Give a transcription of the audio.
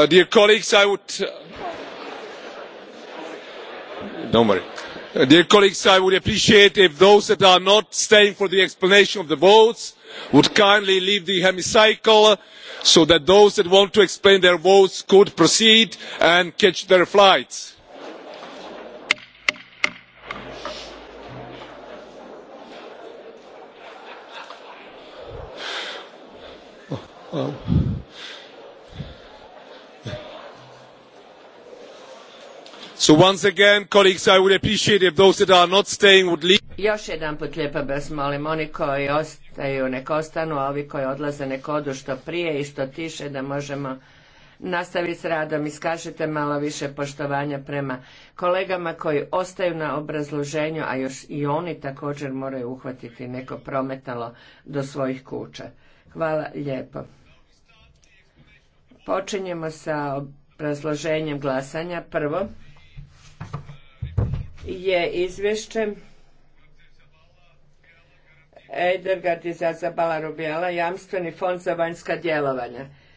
Uh, dear colleagues, I would... Uh, uh, dear colleagues, I would appreciate if those that are not staying for the explanation of the votes would kindly leave the hemicycle so that those that want to explain their votes could proceed and catch their flights. So once again, colleagues, I would appreciate if those that are not staying would leave. Još jedan put lijepo vas molim, oni koji ostaju nek ostanu, a ovi koji odlaze nek odu što prije i što tiše da možemo nastaviti s radom. Iskažite malo više poštovanja prema kolegama koji ostaju na obrazloženju, a još i oni također moraju uhvatiti neko prometalo do svojih kuća. Hvala lijepo. Počinjemo sa obrazloženjem glasanja. Prvo, je izvješće Edergard zazabala Zabala jamstveni fond za vanjska djelovanja.